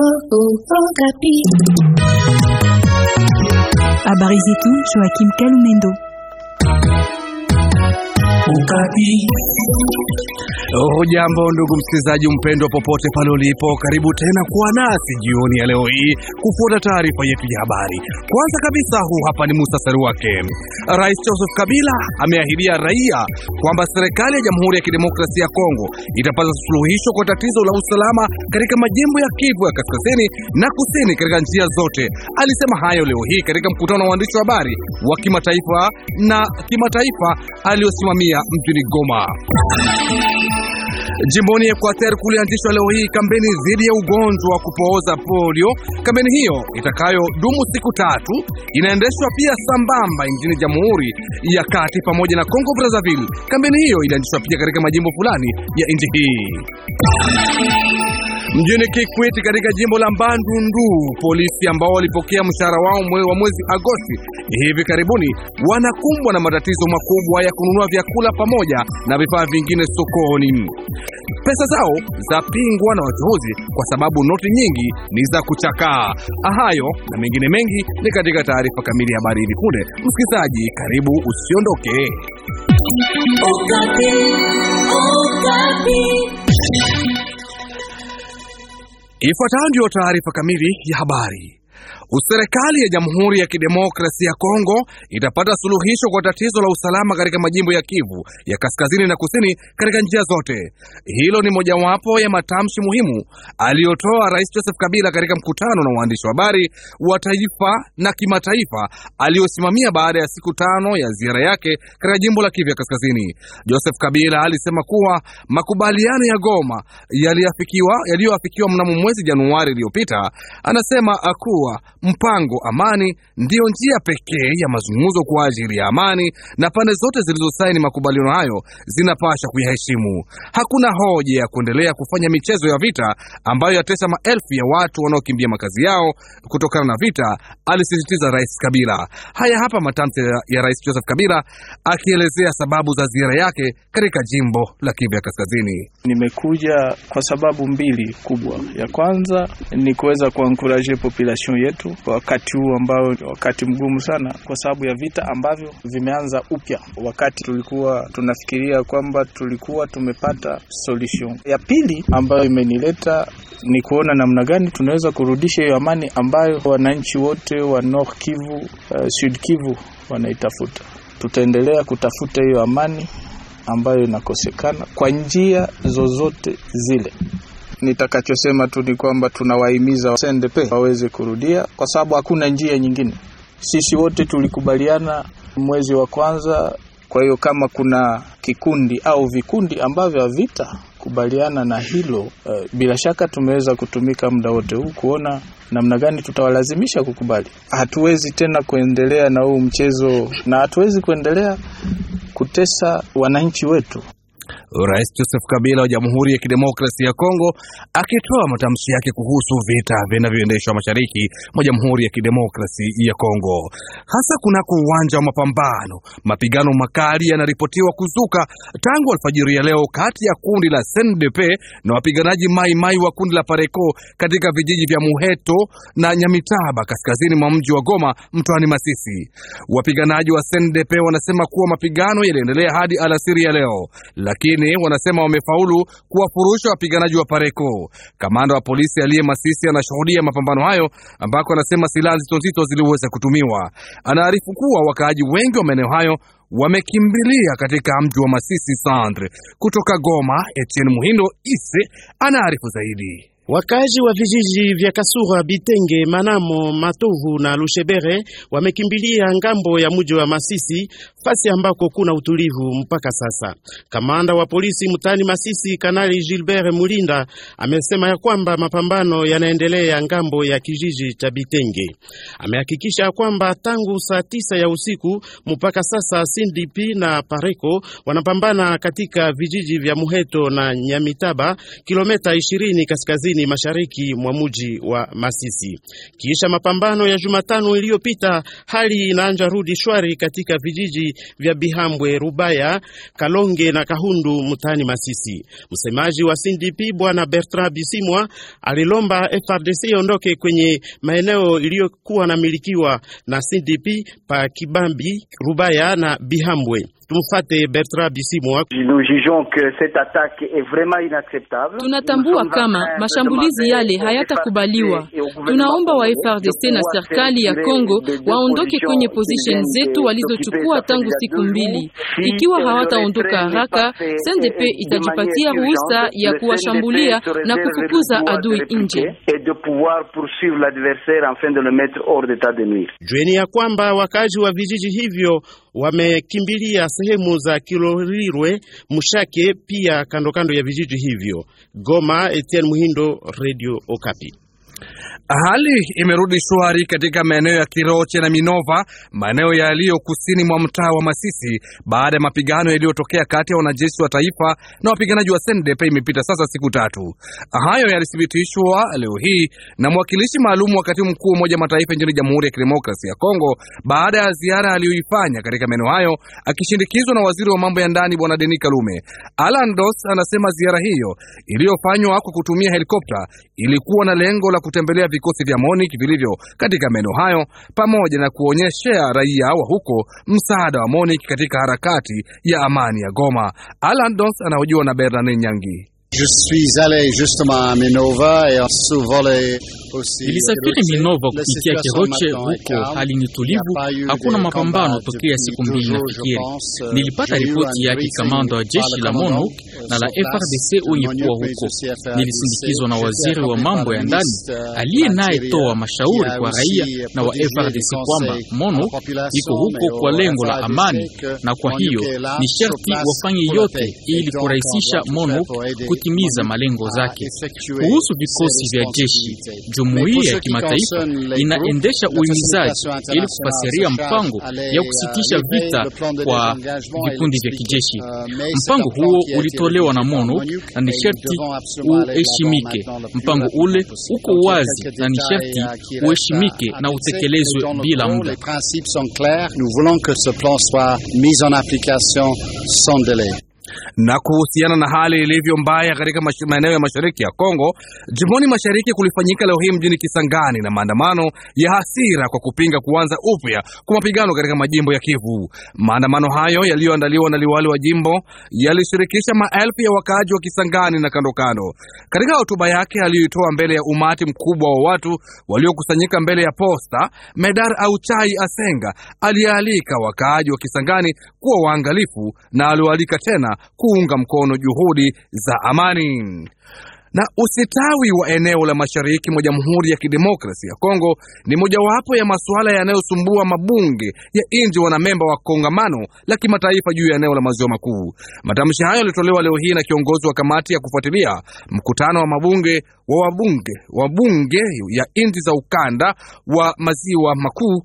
oh, oh, oh, tapis. À tout Joachim Calumendo. Oh, tapis. Hujambo ndugu msikilizaji mpendwa, popote pale ulipo, karibu tena kuwa nasi jioni ya leo hii kufuata taarifa yetu ya habari. Kwanza kabisa, huu hapa ni muhtasari wake. Rais Joseph Kabila ameahidia raia kwamba serikali ya Jamhuri ya Kidemokrasia ya Kongo itapata suluhisho kwa tatizo la usalama katika majimbo ya Kivu ya kaskazini na kusini katika njia zote. Alisema hayo leo hii katika mkutano wa waandishi wa habari wa kimataifa na kimataifa aliyosimamia mjini Goma. Jimboni Equateur kulianzishwa leo hii kampeni dhidi ya ugonjwa wa kupooza polio. Kampeni hiyo itakayodumu siku tatu inaendeshwa pia sambamba nchini Jamhuri ya Kati pamoja na congo Brazzaville. Kampeni hiyo ilianzishwa pia katika majimbo fulani ya nchi hii. Mjini kikwiti katika jimbo la Bandundu, polisi ambao walipokea mshahara wao wa mwezi Agosti hivi karibuni wanakumbwa na matatizo makubwa ya kununua vyakula pamoja na vifaa vingine sokoni. Pesa zao zapingwa na wachuuzi kwa sababu noti nyingi ni za kuchakaa. Hayo na mengine mengi ni katika taarifa kamili ya habari hivi punde. Msikilizaji, karibu, usiondoke. Okapi, Okapi. Ifuatayo ndiyo taarifa kamili ya habari. Serikali ya Jamhuri ya Kidemokrasia ya Kongo itapata suluhisho kwa tatizo la usalama katika majimbo ya Kivu ya kaskazini na kusini katika njia zote. Hilo ni mojawapo ya matamshi muhimu aliyotoa Rais Joseph Kabila katika mkutano na waandishi wa habari wa taifa na kimataifa aliyosimamia baada ya siku tano ya ziara yake katika jimbo la Kivu ya kaskazini. Joseph Kabila alisema kuwa makubaliano ya Goma yaliyoafikiwa mnamo mwezi Januari iliyopita, anasema akuwa mpango amani ndiyo njia pekee ya mazungumzo kwa ajili ya amani, na pande zote zilizosaini makubaliano hayo zinapasha kuyaheshimu. Hakuna hoja ya kuendelea kufanya michezo ya vita ambayo yatesa maelfu ya watu wanaokimbia makazi yao kutokana na vita, alisisitiza Rais Kabila. Haya hapa matamshi ya Rais Joseph Kabila akielezea sababu za ziara yake katika jimbo la Kivu ya Kaskazini. Nimekuja kwa sababu mbili kubwa, ya kwanza ni kuweza kuankuraje population yetu wetu wakati huu ambao wakati mgumu sana kwa sababu ya vita ambavyo vimeanza upya. Wakati tulikuwa tunafikiria kwamba tulikuwa tumepata solution ya pili ambayo imenileta ni kuona namna gani tunaweza kurudisha hiyo amani ambayo wananchi wote wa North Kivu, uh, Sud Kivu wanaitafuta. Tutaendelea kutafuta hiyo amani ambayo inakosekana kwa njia zozote zile nitakachosema tu ni kwamba tunawahimiza SNDP waweze kurudia, kwa sababu hakuna njia nyingine. Sisi wote tulikubaliana mwezi wa kwanza. Kwa hiyo kama kuna kikundi au vikundi ambavyo kubaliana na hilo e, bila shaka tumeweza kutumika muda wote huu kuona namna gani tutawalazimisha kukubali. Hatuwezi tena kuendelea na huu mchezo na hatuwezi kuendelea kutesa wananchi wetu. Rais Joseph Kabila wa Jamhuri ya Kidemokrasia ya Kongo akitoa matamshi yake kuhusu vita vinavyoendeshwa mashariki mwa Jamhuri ya Kidemokrasia ya Kongo, hasa kunako uwanja wa mapambano. Mapigano makali yanaripotiwa kuzuka tangu alfajiri ya leo kati ya kundi la sndp na wapiganaji Mai Mai wa kundi la Pareco katika vijiji vya Muheto na Nyamitaba kaskazini mwa mji wa Goma mtoani Masisi. Wapiganaji wa sndp wanasema kuwa mapigano yaliendelea hadi alasiri ya leo lakini wengine wanasema wamefaulu kuwafurusha wapiganaji wa Pareko. Kamanda wa polisi aliye Masisi anashuhudia mapambano hayo, ambako anasema silaha nzito nzito ziliweza kutumiwa. Anaarifu kuwa wakaaji wengi wa maeneo hayo wamekimbilia katika mji wa Masisi sandre Kutoka Goma, Etienne Muhindo Ise anaarifu zaidi. Wakazi wa vijiji vya Kasura, Bitenge, Manamo, Matovu na Lushebere wamekimbilia ngambo ya mji wa Masisi, fasi ambako kuna utulivu mpaka sasa. Kamanda wa polisi mtaani Masisi, Kanali Gilbert Mulinda, amesema ya kwamba mapambano yanaendelea ngambo ya kijiji cha Bitenge. Amehakikisha kwamba tangu saa tisa ya usiku mpaka sasa CNDP na Pareko wanapambana katika vijiji vya Muheto na Nyamitaba, kilomita 20 kaskazini kusini mashariki mwa mji wa Masisi. Kisha mapambano ya Jumatano iliyopita, hali inaanza rudi shwari katika vijiji vya Bihambwe, Rubaya, Kalonge na Kahundu mtaani Masisi. Msemaji wa CNDP bwana Bertrand Bisimwa alilomba FRDC iondoke kwenye maeneo iliyokuwa namilikiwa na CNDP pa Kibambi, Rubaya na Bihambwe. Tumfate Bertrand Bisimwa. Tunatambua kama mashambulizi yale hayatakubaliwa. Tunaomba wa FRDC na serikali ya Kongo waondoke kwenye position zetu walizochukua tangu siku mbili. Ikiwa hawataondoka haraka, SNDP euh, itajipatia ruhusa ya kuwashambulia na kufukuza adui nje. Jueni ya kwamba wakazi wa vijiji hivyo wamekimbilia sehemu za Kilolirwe, Mushake, pia kandokando kando ya vijiji hivyo. Goma, Etienne Muhindo, Radio Okapi. Hali imerudi shwari katika maeneo ya Kiroche na Minova, maeneo yaliyo kusini mwa mtaa wa Masisi, baada ya mapigano yaliyotokea kati ya wanajeshi wa taifa na wapiganaji wa SNDP imepita sasa siku tatu. Hayo yalithibitishwa leo hii na mwakilishi maalum wa katibu mkuu wa Umoja wa Mataifa nchini Jamhuri ya Kidemokrasi ya Kongo baada ya ziara aliyoifanya katika maeneo hayo akishindikizwa na waziri wa mambo ya ndani Bwana Denis Kalume. Alan Dos anasema ziara hiyo iliyofanywa kwa kutumia helikopta ilikuwa na lengo la kutembelea vikosi vya MONUC vilivyo katika maeneo hayo pamoja na kuonyeshea raia wa huko msaada wa MONUC katika harakati ya amani ya Goma. Alan Dons anahojiwa na Bernard Nyangi. Je suis allé justement à Minova et sous volé Nilisafiri Minova kupitia Keroche, huko hali ni tulivu, hakuna mapambano tokea siku mbili. na Nafikiri nilipata ripoti yake kamanda wa jeshi la MONUC na la FRDC wenye kuwa huko. Nilisindikizwa na waziri wa mambo ya ndani euh, aliye naye toa mashauri kwa raia na wa FRDC kwamba MONUC iko huko kwa lengo la amani, na kwa hiyo ni sharti wafanye yote ili kurahisisha MONUC kutimiza malengo zake. Kuhusu vikosi vya jeshi jumuiya ya kimataifa inaendesha uhimizaji ili kufasiria mpango ya uh, kusitisha vita kwa vikundi vya kijeshi. Uh, mpango huo ulitolewa na mono na ni sharti uheshimike. Mpango ule uko wazi na ni sharti uh, uheshimike na utekelezwe bila muda. Na kuhusiana na hali ilivyo mbaya katika maeneo ya mashariki ya Kongo, jimboni mashariki kulifanyika leo hii mjini Kisangani na maandamano ya hasira kwa kupinga kuanza upya kwa mapigano katika majimbo ya Kivu. Maandamano hayo yaliyoandaliwa na liwali wa jimbo yalishirikisha maelfu ya wakaaji wa Kisangani na kando kando. Katika hotuba yake aliyoitoa mbele ya umati mkubwa wa watu waliokusanyika mbele ya posta, Medar Auchai Asenga alialika wakaaji wa Kisangani kuwa waangalifu na aliwaalika tena kuunga mkono juhudi za amani na usitawi wa eneo la mashariki mwa Jamhuri ya kidemokrasi ya Kongo ni mojawapo ya masuala yanayosumbua mabunge ya wana wanamemba wa kongamano la kimataifa juu ya eneo la maziwa makuu. Matamshi hayo yalitolewa leo hii na kiongozi wa kamati ya kufuatilia mkutano wa mabunge wa wabunge bunge ya nchi za ukanda wa maziwa makuu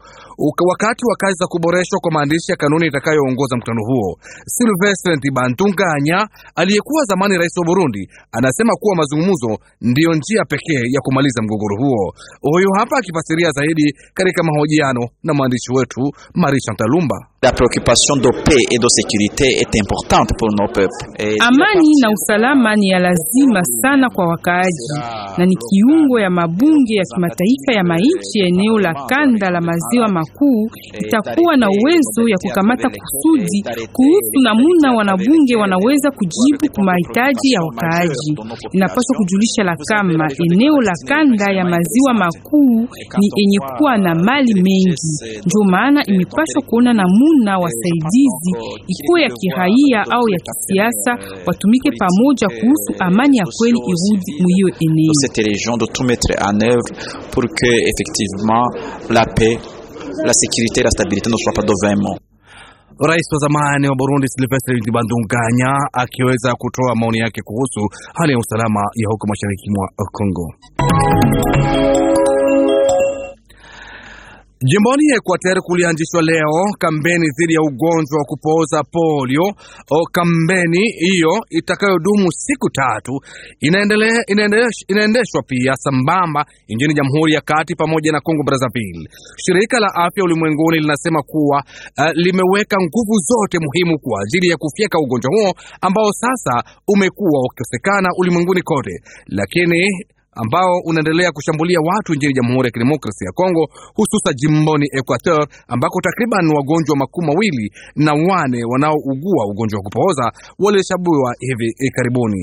wakati wa kazi za kuboreshwa kwa maandishi ya kanuni itakayoongoza mkutano huo. Silvestre Ntibantunganya aliyekuwa zamani rais wa Burundi anasema kuwa mazungumzo ndiyo njia pekee ya kumaliza mgogoro huo. Huyu hapa akifasiria zaidi katika mahojiano na mwandishi wetu Marie Talumba. La preoccupation de paix et de sécurité est importante pour nos peuples. Amani na usalama ni ya lazima sana kwa wakaaji na ni kiungo ya mabunge ya kimataifa ya maichi ya eneo la kanda la maziwa makuu itakuwa na uwezo ya kukamata kusudi kuhusu namuna wanabunge wanaweza kujibu kwa mahitaji ya wakaaji tunapaswa kujulisha la kama eneo la kanda ya maziwa makuu ni yenye kuwa na mali mengi, eh, ndio maana eh, imepaswa kuona namuna eh, wasaidizi ikuwa ya kiraia au ya kisiasa watumike pamoja kuhusu amani ya kweli irudi mwiyo eneo pour que effectivement la paix la sécurité et la stabilité ne soient pas de vain Rais wa zamani wa Burundi Silvestre Bandunganya akiweza kutoa maoni yake kuhusu hali ya usalama ya huko mashariki mwa Kongo. Jimboni ya Equateur kulianzishwa leo kampeni dhidi ya ugonjwa wa kupooza polio. O, kampeni hiyo itakayodumu siku tatu inaendelea, inaendesh, inaendeshwa pia sambamba nchini Jamhuri ya Kati pamoja na Kongo Brazzaville. Shirika la Afya Ulimwenguni linasema kuwa uh, limeweka nguvu zote muhimu kwa ajili ya kufyeka ugonjwa huo ambao sasa umekuwa ukikosekana ulimwenguni kote, lakini ambao unaendelea kushambulia watu nchini Jamhuri ya Kidemokrasia ya Kongo, hususa jimboni Equateur ambako takriban wagonjwa makumi mawili na wane wanaougua ugonjwa wa kupooza walishabiwa hivi karibuni.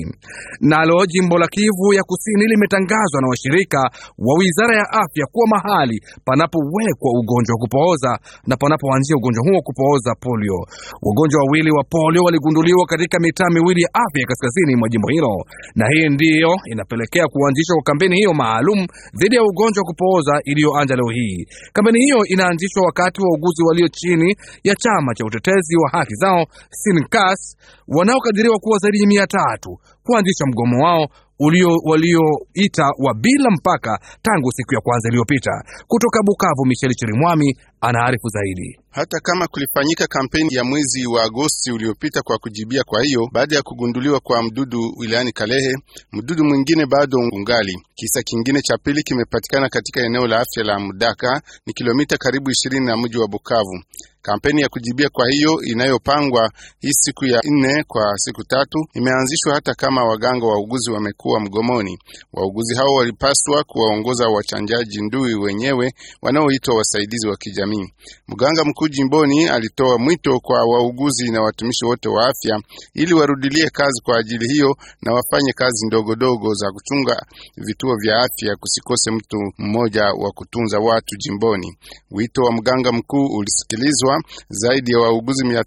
Nalo jimbo la Kivu ya Kusini limetangazwa na washirika wa Wizara ya Afya kuwa mahali panapowekwa ugonjwa wa kupooza na panapoanzia ugonjwa huo kupooza polio. Wagonjwa wawili wa polio waligunduliwa katika mitaa miwili ya afya ya kaskazini mwa jimbo hilo, na hii ndiyo inapelekea kuanzishwa kampeni hiyo maalum dhidi ya ugonjwa wa kupooza iliyoanza leo hii. Kampeni hiyo inaanzishwa wakati wauguzi walio chini ya chama cha utetezi wa haki zao sinkas wanaokadiriwa kuwa zaidi ya mia tatu kuanzisha mgomo wao ulio walioita wa bila mpaka tangu siku ya kwanza iliyopita. Kutoka Bukavu, Michel Chirimwami anaarifu zaidi. Hata kama kulifanyika kampeni ya mwezi wa Agosti uliopita kwa kujibia, kwa hiyo baada ya kugunduliwa kwa mdudu wilayani Kalehe, mdudu mwingine bado ungali. Kisa kingine cha pili kimepatikana katika eneo la afya la Mudaka, ni kilomita karibu ishirini na mji wa Bukavu. Kampeni ya kujibia kwa hiyo inayopangwa hii siku ya nne kwa siku tatu imeanzishwa hata kama waganga wauguzi wamekuwa mgomoni. Wauguzi hao walipaswa kuwaongoza wachanjaji ndui wenyewe wanaoitwa wasaidizi wa kijamii. Mganga mkuu jimboni alitoa mwito kwa wauguzi na watumishi wote wa afya ili warudilie kazi kwa ajili hiyo na wafanye kazi ndogodogo za kuchunga vituo vya afya, kusikose mtu mmoja wa kutunza watu jimboni. Wito wa mganga mkuu ulisikilizwa kuwa zaidi ya wauguzi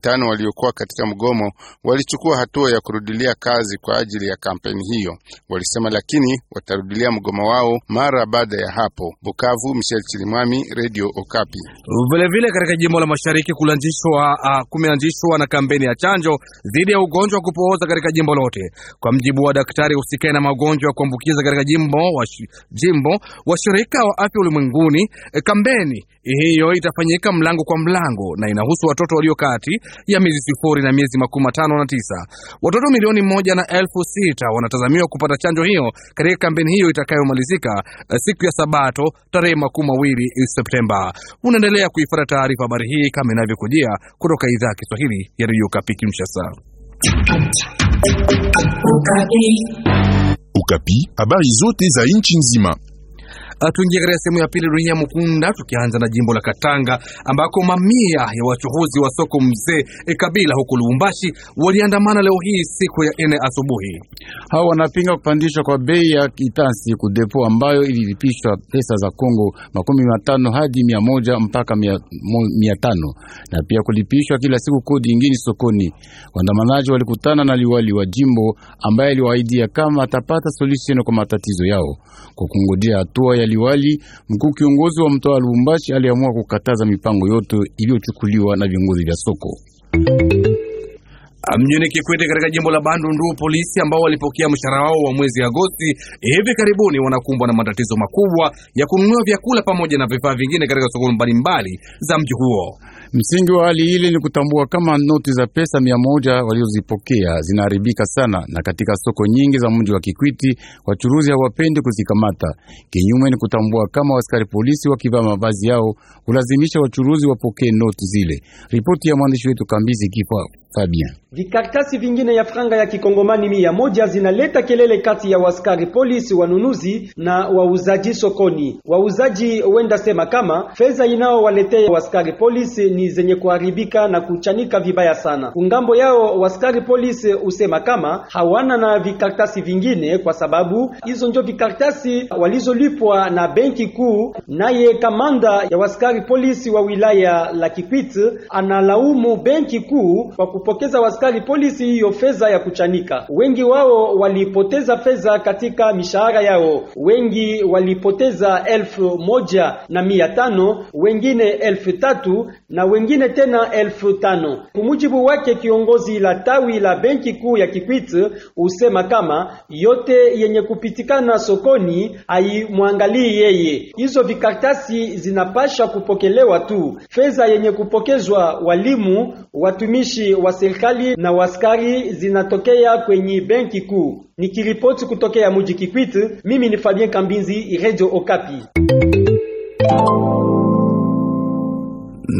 tano waliokuwa katika mgomo walichukua hatua ya kurudilia kazi kwa ajili ya kampeni hiyo. Walisema lakini watarudilia mgomo wao mara baada ya hapo. Bukavu, Michel Chilimwami, Radio Okapi. Vilevile katika jimbo la Mashariki kulanzishwa kumeanzishwa na kampeni ya chanjo dhidi ya ugonjwa wa kupooza katika jimbo lote. Kwa mjibu wa daktari husikae na magonjwa ya kuambukiza katika jimbo wa jimbo washirika wa afya ulimwenguni, e, kampeni hiyo itafanyika mlango kwa kwa mlango na inahusu watoto walio kati ya miezi sifuri na miezi makumi matano na tisa. Watoto milioni moja na elfu sita wanatazamiwa kupata chanjo hiyo katika kampeni hiyo itakayomalizika eh, siku ya Sabato tarehe makumi mawili Septemba. Unaendelea kuifuata taarifa habari hii kama inavyokujia kutoka idhaa ya Kiswahili ya Radio Kapi Kinshasa. Ukapi, habari zote za nchi nzima Uh, tuingie katika sehemu ya pili, dunia mukunda, tukianza na jimbo la Katanga ambako mamia ya wachuhuzi wa soko mzee e Kabila huko Lubumbashi waliandamana leo hii siku ya nne asubuhi. Hao wanapinga kupandishwa kwa bei ya kitansi kudepo ambayo ililipishwa pesa za Kongo makumi matano hadi mia moja mpaka mia, mia tano na pia kulipishwa kila siku kodi ingini sokoni. Waandamanaji walikutana na liwali wa jimbo ambaye aliwaahidia kama atapata solution kwa matatizo yao kwa kungojea hatua ya liwali mkuu kiongozi wa mtaa wa Lubumbashi aliamua kukataza mipango yote iliyochukuliwa na viongozi vya soko. Mjini Kikwete katika jimbo la Bandundu, polisi ambao walipokea mshahara wao wa mwezi Agosti hivi karibuni wanakumbwa na matatizo makubwa ya kununua vyakula pamoja na vifaa vingine katika soko mbalimbali za mji huo. Msingi wa hali ile ni kutambua kama noti za pesa mia moja walizozipokea zinaharibika sana, na katika soko nyingi za mji wa Kikwiti wachuruzi hawapendi kuzikamata. Kinyume ni kutambua kama askari polisi wakivaa mavazi yao hulazimisha wachuruzi wapokee noti zile. Ripoti ya mwandishi wetu Kambizi Kipa Fabien. Vikaratasi vingine ya franga ya kikongomani mia moja zinaleta kelele kati ya waskari polisi, wanunuzi na wauzaji sokoni. Wauzaji wenda sema kama fedha inaowaletea waskari polisi ni zenye kuharibika na kuchanika vibaya sana. Kungambo yao waskari polisi usema kama hawana na vikaratasi vingine, kwa sababu hizo ndio vikaratasi walizolipwa na benki kuu. Naye kamanda ya waskari polisi wa wilaya la Kikwit analaumu benki kuu kwa kupokeza waskari polisi hiyo fedha ya kuchanika. Wengi wao walipoteza fedha katika mishahara yao, wengi walipoteza elfu moja na mia tano wengine elfu tatu na wengine tena elfu tano. Kumujibu wake kiongozi la tawi la benki kuu ya Kikwit husema kama yote yenye kupitikana sokoni haimwangalii yeye, hizo vikartasi zinapasha kupokelewa tu. Fedha yenye kupokezwa walimu, watumishi wa serikali na waskari zinatokea kwenye benki kuu. Nikiripoti kutokea mji Kikwit, mimi ni Fabien Kambinzi, Radio Okapi.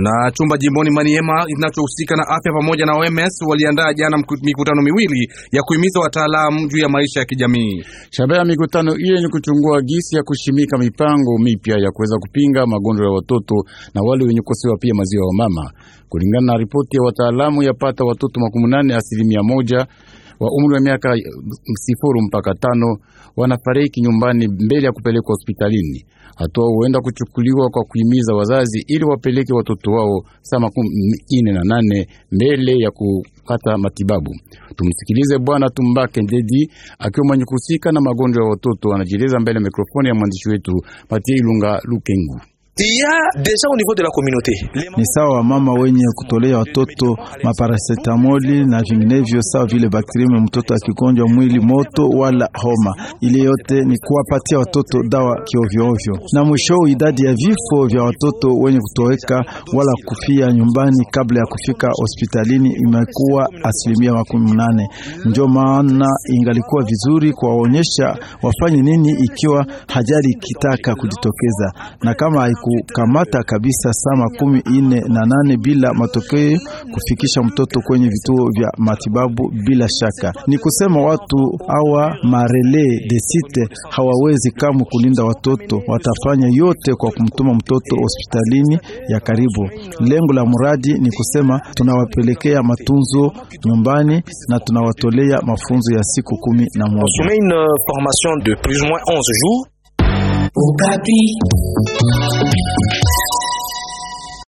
Na chumba jimboni Maniema kinachohusika na afya pamoja na OMS waliandaa jana mikutano miwili ya kuhimiza wataalamu juu ya maisha ya kijamii. Shabaha ya mikutano hiyo ni kuchungua gisi ya kushimika mipango mipya ya kuweza kupinga magonjwa ya watoto na wale wenye kosewa pia maziwa ya mama. Kulingana na ripoti ya wataalamu, yapata watoto makumi nane asilimia moja wa umri wa miaka eh, sifuru mpaka tano wanafariki nyumbani mbele ya kupelekwa hospitalini. Hatua huenda kuchukuliwa kwa kuhimiza wazazi ili wapeleke watoto wao saa makumi nne na nane mbele ya kupata matibabu. Tumsikilize Bwana Tumbake Ndedi akiwa mwenye kuhusika na magonjwa ya watoto, anajieleza mbele ya mikrofoni ya mwandishi wetu Matie Ilunga Lukengu. Ni sawa wamama wenye kutolea watoto maparasetamoli na vinginevyo, sawa vile bakterimu mtoto akigonjwa mwili moto wala homa. Ile yote ni kuwapatia watoto dawa kiovyoovyo, na mwisho idadi ya vifo vya watoto wenye kutoweka wala kufia nyumbani kabla ya kufika hospitalini imekuwa asilimia makumi mnane. Ndio maana ingalikuwa vizuri kuwaonyesha wafanye nini ikiwa hajali ikitaka kujitokeza na kama haiku kukamata kabisa saa makumi ine na nane bila matokeo, kufikisha mtoto kwenye vituo vya matibabu bila shaka. Ni kusema watu hawa marele de site hawawezi kamwe kulinda watoto, watafanya yote kwa kumtuma mtoto hospitalini ya karibu. Lengo la mradi ni kusema tunawapelekea matunzo nyumbani na tunawatolea mafunzo ya siku kumi na moja. Ukapi.